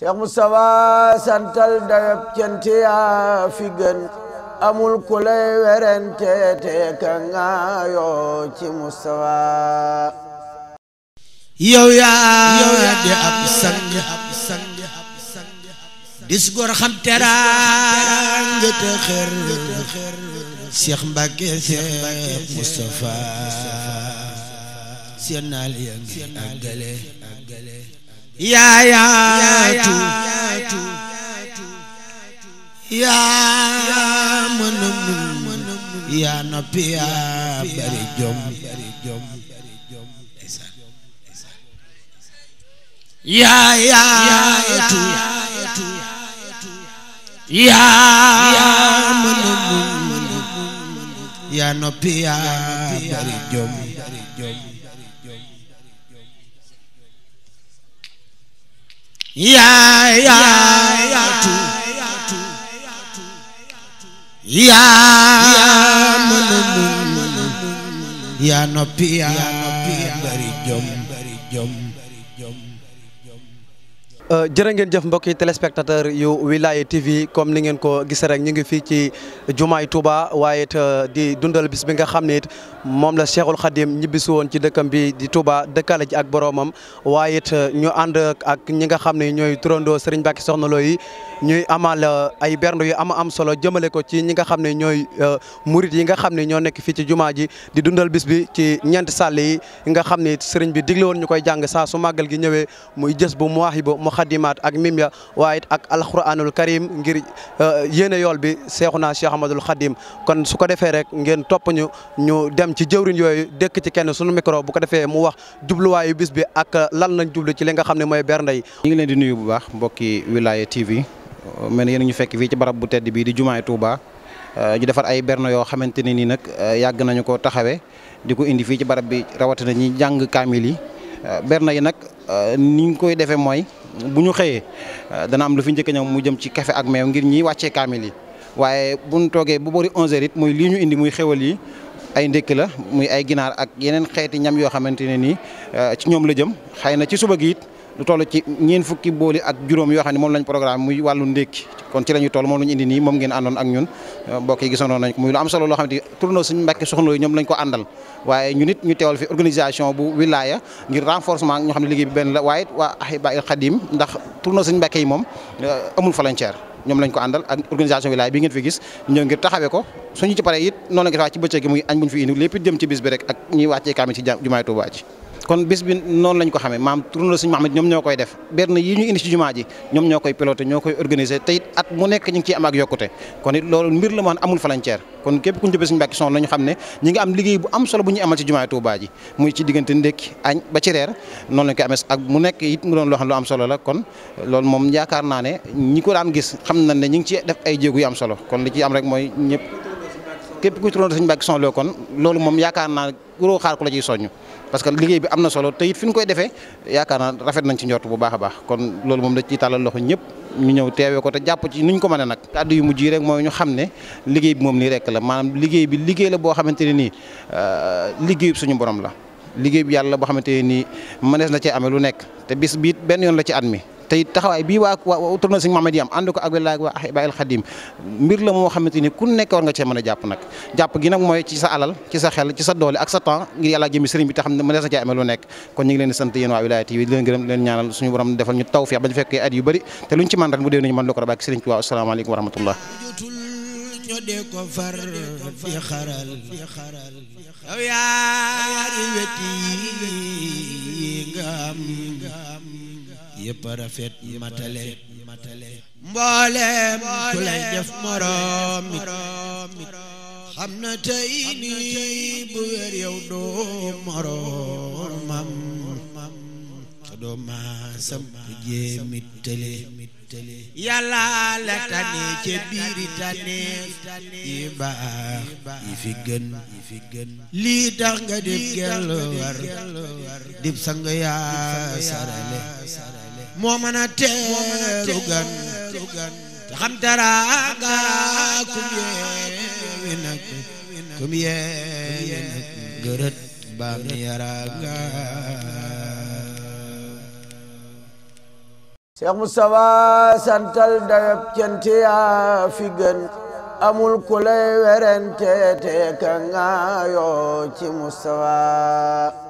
Seex Mustafa santal dayob cante yaa fi gën amul ku lay te ka ngaayoo ci Mustafa yow yaa di ab sang ab sang dis gor xam teraanga te xër Seex Mbàkke Seex Mustafa seen naal yaa ngi yaayaatu yaa yaa noppi yaa yaa noppi yaa bari yaa yaatu yaa mën a muñ yaa noppi yaa bari jom bari jom Euh, jërë ngeen jëf mbokki téléspectateur yu Wilaya TV comme ni ngeen ko gisee rek ñu ngi fii ci jumaay Touba waaye it euh, di dundal bis bi nga xam ne it moom la Cheikhul Khadim ñibbisi woon ci dëkkam bi di Touba dëkkale ji ak boromam waaye it euh, ñu ànd ak ñi nga xam ne ñooy turandoo Serigne Mbacké Soxna yi ñuy amal ay bernde yu am am solo jëmale ko ci ñi nga xam ne ñooy murit yi nga xam ne ñoo nekk fii ci jumaa ji di dundal bis bi ci ñeenti sàll yi nga xam ne Serigne bi digle woon ñu koy jàng saa su màggal gi ñëwee muy jës bu mu muqaddimaat ak mim ya waaye it ak alquranul karim ngir uh, yéene yool bi seexuna Cheikh Ahmadul Xadim kon su ko defee rek ngeen topp ñu ñu dem ci jëwriñ yooyu dëkk ci kenn sunu micro bu ko defee mu wax jubluwaayu bis bi ak lan na jublu ci li nga xam ne mooy bernde yi. ñu ngi leen di nuyu bu baax mbokki Wilaya TV mel ni yéen ñu fekk fii ci barab bu tedd bii di jumaay Touba uh, ñu defar ay bernde yoo xamante ne nii nag uh, yàgg nañu ko taxawee di ko indi fii ci barab bi rawatina ñi jàng kaamil yi bernde yi nag ni ñu koy defee mooy. bu ñu xëyee euh, dana am lu fi njëkk a mu jëm ci café ak meew ngir ñi wàccee kaamil yi waaye bu ñu toogee bu boori 11h it mooy lii ñu indi muy xewal yi ay ndékki la muy ay ginaar ak yeneen xeeti ñam yoo xamante ne nii euh, ci ñoom la jëm xëy na ci suba gi it lu toll ci ñeen fukki booli ak juróom yoo xam ne moom lañ programme muy wàllu ndékki kon ci la ñu toll moom lañu indi nii moom ngeen àndoon ak ñun mbokk yi gisandoo nañ ko muy lu am solo ñu nit ñu teewal bu wilaya ngir renforcement ñoo xam ne liggéey bi benn la waaye it waa Ahiba il Khadim yi moom euh, amul volontaire ñoom lañ ko àndal ak organisation wilaya bi ngeen fi gis ñoo ngir taxawee ko suñu ci paree it noonu la nga ci bëccëg lépp jëm bis bi rek ak ñuy wàccee kaamil jumaay Tuubaa kon bés bi noonu lañ ko xamee maam tournée Sëñ Mahamad ñoom ñoo koy def benn yi ñu indi ci jumaa ji ñoom ñoo koy piloté ñoo koy organisé te it at mu nekk ñu ngi am la moo amul frontière kon képp liggéey bu am solo bu ñuy amal ci jumaa Tuubaa muy ci diggante ndékki añ ba ci reer noonu lañ koy am solo la kon loolu kon loolu moom yaakaar naa guroo xaar ku la ciy soññ parce que liggéey bi am na solo te it fi ñu koy defee yaakaar naa rafet nañ ci njort bu baax a baax kon loolu moom da ciy tàllal loxo ñëpp ñu ñëw teewee ko te jàpp ci nuñ ko mën a nag kàddu yu mujj yi rek mooy ñu xam ne liggéey bi moom nii rek la maanaam liggéey bi liggéey la boo xamante ne nii euh, liggéey suñu borom la liggéey bi yàlla boo xamante ne nii mënees na cee amee lu nekk te bis biit benn yoon la ci at mi te it taxawaay bii waa waa tournée Serigne Mouhamed yi ko ak walaay ak waa Ahibahil Khadim mbir la moo xamante ni ku nekk war nga cee mën a jàpp nag jàpp gi nag mooy ci sa alal ci sa xel ci sa doole ak sa temps ngir yàlla jëmi sëriñ bi te ne mënees na ñu ngi leen di sant yéen waa Wilaya TV di ñu ci man ren bu dee nañu mën lu ko rabaak sëriñ bi waaw asalaamaaleykum wa rahmatullah ñu yépp rafet matale mbooleem ku lay def moroom it na tey nii bu wér yow doo moroomam te doo maasam ku jéemit tële yàlla la tane ci biiri taneef yi baax yi fi gën li tax nga gel war dib sang yaa sarale moo mën a teeru gan te xam teraanga kum yeewi nag kum yeewi gërët baam yaraanga Cheikh Moustapha santal dayop cente yaa fi gën amul ku lay werente te ka nga yoo ci